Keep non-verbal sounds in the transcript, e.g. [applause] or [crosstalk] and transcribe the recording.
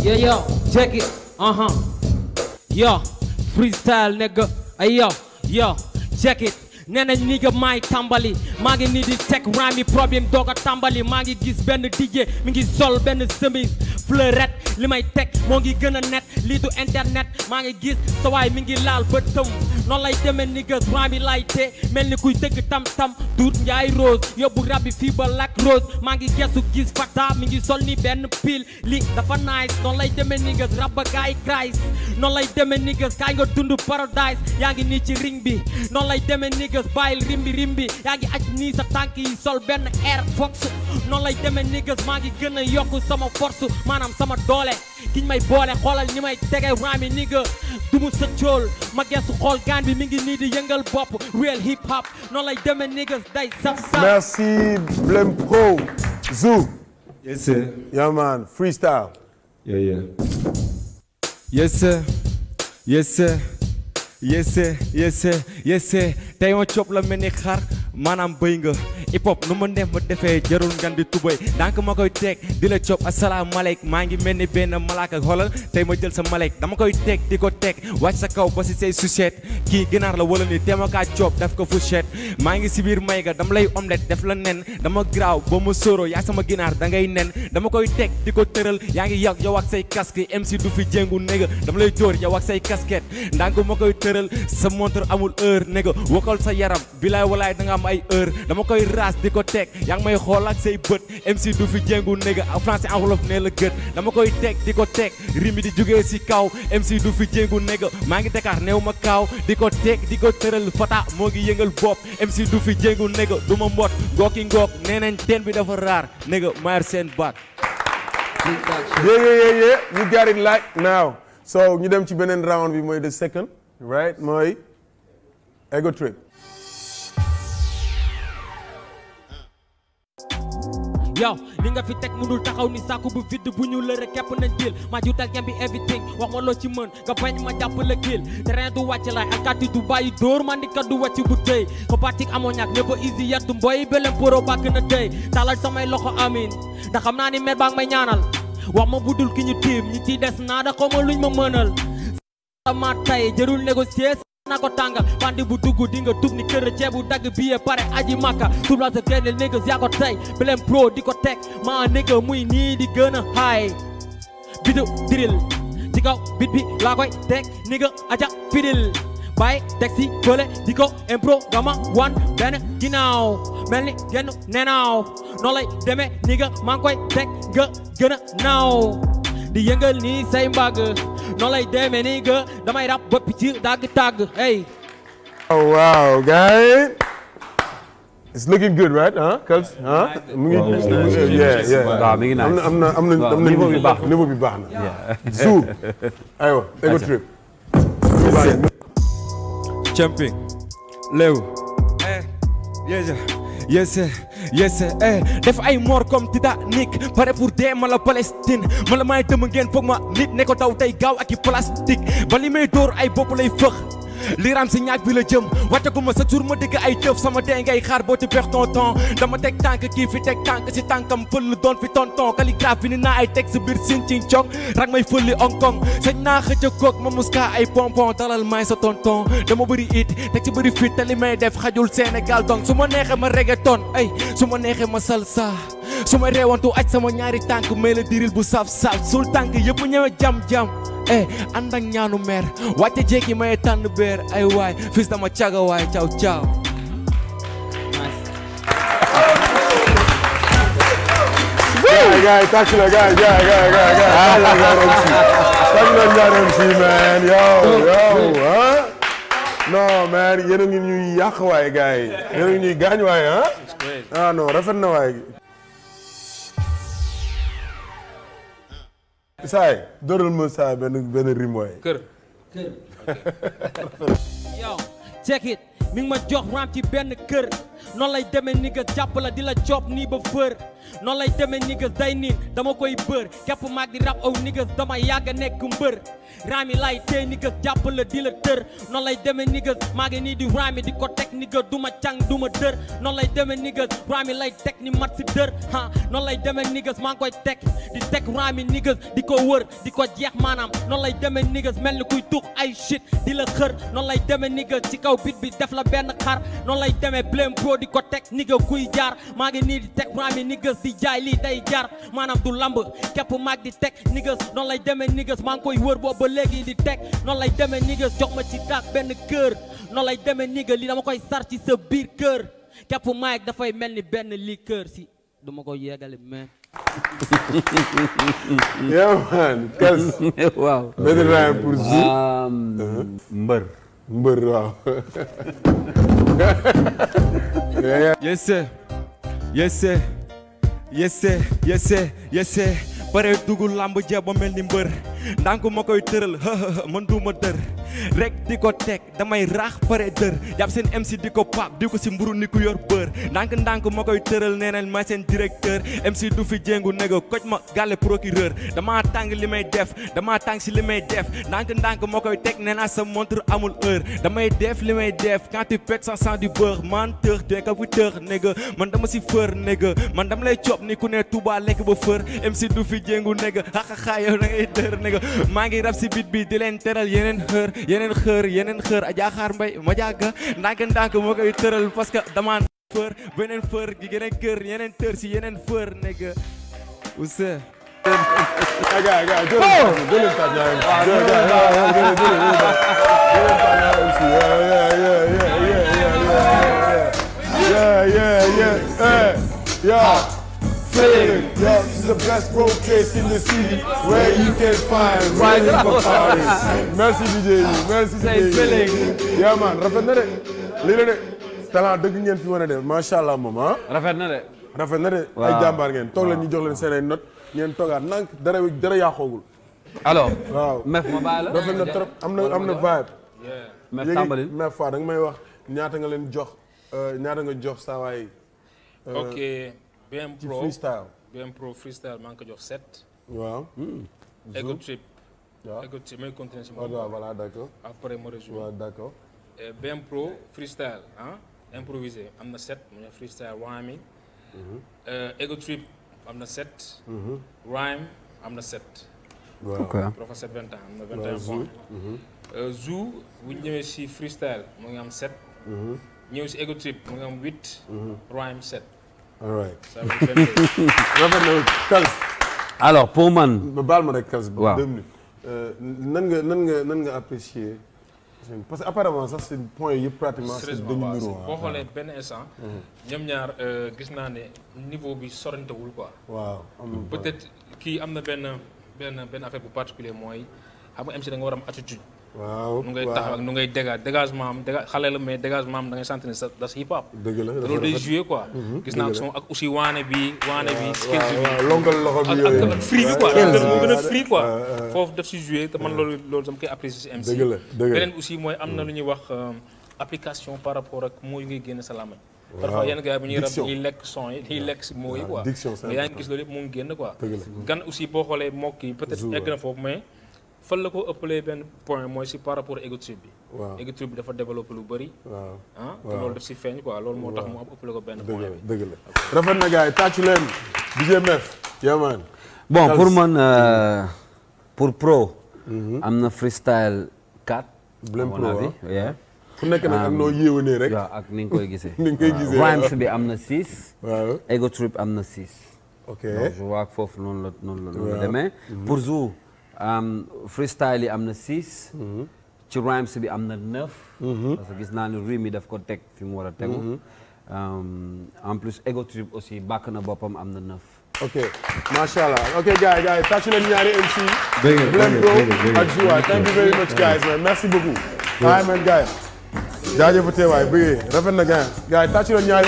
Yeah, yo, check it. Uh-huh. Yo, freestyle nigga. Ay yo, yo, check it. nee nañ ni maay tàmbali maa ngi nii di teg rami problème doog tàmbali maa ngi gis benn DJ mi ngi sol benn chemise fleurette li may teg moo ngi gën a net lii du internet maa ngi gis sa waay mi ngi laal ba tëm noonu lay demee ni gës bi lay te mel ni kuy tëgg tam-tam duut njaay rose yóbbu rab bi fii ba lac rose maa ngi gesu gis fata mi ngi sol ni benn pile li dafa nice noonu lay demee ni gës rab ba gaay Christ noonu lay demee ni gës kaay nga dund paradise yaa ngi nii ci ring bi noonu lay demee ni gës bàyyil rimbi rimbi yaa ngi aj nii sa tànk yi sol benn air fox noonu lay demee ni gës maa ngi gën a yokk sama force maanaam sama doole giñ may boole xoolal ñi may tege raami ni nga du mu xool gaan mi ngi nii di yëngal bopp real hip hop noonu ni nga day tey ma coob la mel ni xar maanaam bëy nga hip hop nu ma neex ma defee jarul ngan di tubay donc ma koy teg di la coob asalaamaaleyk maa ngi mel ni benn malaaka xoolal tey ma jël sa maleyk dama koy teg di ko teg wàcc sa kaw ba si say sucette kii ginaar la wala ni teemakaa coob daf ko fourchette maa ngi si biir may ga dama lay omelette def la nen dama graaw ba ma sóoro yaa sama ginaar da ngay nen dama koy teg di ko tëral yaa ngi yàq yow ak say casque MC du fi jéngu néga dama lay jóor yow say casquette ndànk ma koy tëral sa montre amul heure néga wakal sa yaram bilaay walaay da nga am ay heure dama koy raas di ko teg may xool ak say bët MC du fi jéngu néga français la gët dama koy teg di ko teg rimi di si kaw MC du fi jéngu néga maa ngi Dakar néew ma kaaw di ko di ko tëral fata moo ngi yëngal bopp MC du fi jéngu néga du ma mbot ngooki ngook nee nañ teen bi dafa raar néga maar seen baat yeah yeah yeah yeah you so ñu dem ci beneen round bi mooy de second right mooy ego yow li nga fi teg mënul taxaw ni sàkku bu vide bu ñu lëre képp nañ jël maa juutal ngeen bi everything wax ma loo ci mën nga bañ ma jàpp la géel terrain du wàcc laay alkaati du bàyyi dóor man di kaddu wàcc bu tey ko batik amoo ñàkk ne easy yattu mboy belem poro bàgg na tey talal samay loxo amin ndax naa ni mer baa ngi ñaanal wax ma budul ki ñu tiim ñi ciy des naa da xaw ma luñ ma mënal sama tey jërul négocier na ko tàngal bandi bu dugg di nga tub ni kër ceebu dagg biye pare aji makka tubla sa gaynde niggas yaa ko tey blem pro di ko teg maa nigga muy nii di gën a haay bidu diril ci kaw bit bi laa koy teg nigga aja fidil bàyyi teg si bële di ko impro gama wan benn ginnaaw mel ni genn nenaaw noo lay demee nigga maa koy teg nga gën a naaw di yëngal nii say mbagg noonu lay demee nii nga damay rap ba picc dagg tàgg hey. oh wow guys. it's looking good right ah. mu ngi waaw mi ngi naan am na am na am na niveau bi baax niveau bi baax na. [laughs] Zou ego trip. champion. Léew. Eh, yes yes eh def ay moor comme Titanic pare pour dee mala Palestine mala maay dëmm ngeen foog ma nit ne ko daw tey gaaw ak i plastique ba li may dóor ay bopp lay fëx liram si ñaag bi la jëm wategu ma sa jour ma dégg ay jëf sama dee ngay xaar boo ci perte ton temps dama teg tànk kii fi teg tànk si tànkam fël doon fi tonton calligraphe bi ni naa ay texte biir sin cin cong rak may fëlli Hong Kong sañ naa ca koog ma muskaa ay pon dalal may sa tonton dama bëri it teg si bëri fit te li may def xajul Sénégal donc su ma neexee ma ton ay su ma neexee ma sa su ma reewantu aj sama ñaari tànk may la bu saf saf sul tànk yëpp ñëwe jam eh ànd ak ñaanu meer wàcce jékki may tànn beer ay waay fils dama caga waay ciao ciao guys, thank you guys, yeah, yeah, yeah, yeah. Thank you guys, MC. Thank you guys, waay gars yi. Yéen a gaañ waay, Ah non, rafet waay. saay dóoral ma saay benn benn rimooy kër kër [laughs] yow check it mi ma jox raam ci benn kër noonu lay demee ni nga jàpp la di la job nii ba fër noonu lay demee niggas day niin dama koy bër képp maag di rab aw niggas dama yàgg a nekk mbër raami lay tey niggas jàpp la di la tër noonu lay demee niggas maa ngi nii di raami di ko teg niggas du ma càng dër noonu lay demee niggas raami lay teg ni mat si dër ah noonu lay demee niggas maa ngi koy teg di teg raami niggas di ko wër di ko jeex maanaam noonu lay demee niggas mel ni kuy tuux ay shit di la xër noonu lay demee niggas ci kaw bit bi def la benn coo di ko teg ni kuy jaar maa ngi nii di teg maa mi ni gës di jaay lii day jaar maanaam du lamb képp maag di teg ni gës noonu lay demee ni gës maa ngi koy wër boobu ba léegi di teg noon lay demee ni gës jox ma ci daak benn kër noonu lay demee ni gës dama koy sar ci sa biir kër képp maag dafay mel ni benn lii kër si duma ko yeegale mais [laughs] yaa man kas [laughs] waaw Mbër mbër waaw. yese [laughs] yese yese yese yese pare dugg làmb jeex ba mel ni mbër. ndànku ma koy tëral man duuma dër rek di ko teg damay raax pare dër jàpp seen MC di ko paap di ko si mburu ni ku yor bër ndànk ndànk ma koy tëral nee nañ ma seen directeur MC du fi jéngu négo koj ma gale procureur dama tàng li may def dama tàng si li may def ndànk ndànk ma koy teg nee naa sa montre amul heure damay def li may def quand tu peg ça di du man tëx tu es capteur néga man dama si fër néga man dama lay coob ni ku ne Touba lekk ba fër nigga maa ngi rap si bit bi di leen teral yeneen xër yeneen xër yeneen xër a jaaxaar mbay ma jàgga ndànk ndànk moo koy tëral parce que dama fër beneen fër gi yeneen kër yeneen tër si yeneen fër nigga use Yeah, yeah, yeah, yeah. Yeah. Feeling. Yeah. rafet na de lii la dëgg ngeen fi wane de macha allah moom ah. rafet na de. rafet na de ay jàmbaar ngeen toog leen ñu jox leen seen ay ngeen toogaat nank dara dara yàqoogul. alors. waaw meef ma rafet na trop am na am na vibe. meef da nga may wax ñaata nga leen jox euh, ñaata nga jox saa waay. Euh, BM Pro freestyle maa ngi ko jox set waaw. Hmm. ego trip. waaw ego trip may continuer si d' accord. après ma résumé. waaw d' accord. am na 7 mu ne freestyle mhm. euh, am na 7. Mhm. rhyme na 7. waaw ok professeur mhm. euh, ngi am 7. ñëw si ego trip mu ngi am 8. rhyme 7. all right. [laughs] rafet Kals. alors pour man. baal ma rek Kals. waaw deux minutes. Euh, nan nga nan nga nan nga apprécier. parce que apparemment sax seen point yëpp pratiquement. c'est demi-muro boo xoolee benn instant. ñam mhm. ñaar euh, gis naa ne niveau bi sorantewul quoi. waaw peut-être kii am na benn benn benn affaire bu particulier mooy xam nga MC da nga war am attitude. waaw nu ngay taxaw ak nu ngay dégage dégagement am déga xale la mais dégagement am da ngay sentir sa hip hop. dëgg loolu day joué quoi. Mhm, gis na ak son ak aussi waane bi waane bi. skills bi longal ak free bi quoi. mu si mooy am na mm. lu ñuy wax euh, application par rapport ak mooy ngay génn sa làmmiñ. waaw parfois yenn gars yi bu ñuy rab ñuy lekk son yi ñuy lekk si mots yi quoi. yaa ngi gis loolu yëpp génn quoi. gan aussi boo xoolee mokk yi peut-être egg na foofu mais fan la ko ëppalee benn point mooy si par rapport égotrip bi. waaw égotrip bi dafa développé lu bëri. waaw ah te loolu daf si feeñ quoi loolu moo tax mu am ko benn point bi. dëgg la rafet na gars yi tàccu bon pour man euh, mm-hmm. pour pro. Mm-hmm. am na freestyle 4. blème pro waaw ah. ku nekk nag ak um, rek. waaw ak ni nga koy gisee. [laughs] ni nga bi am na 6. waaw am na 6. ok donc je foofu noonu la noonu la demee. Mm-hmm. pour jour. freestyle yi am na six. Mhm. ci rhymes bi am na neuf. Mhm. parce que gis naa ne rythme yi def ko teg fi mu war a tegu. Mhm. plus ego trip aussi bàkk na boppam am na neuf. ok macha allah ok gars gars tàcc nañ ñaari MC. dégg nga dégg nga thank you very much guys merci beaucoup. waaye man gars yi jaajëf teewaay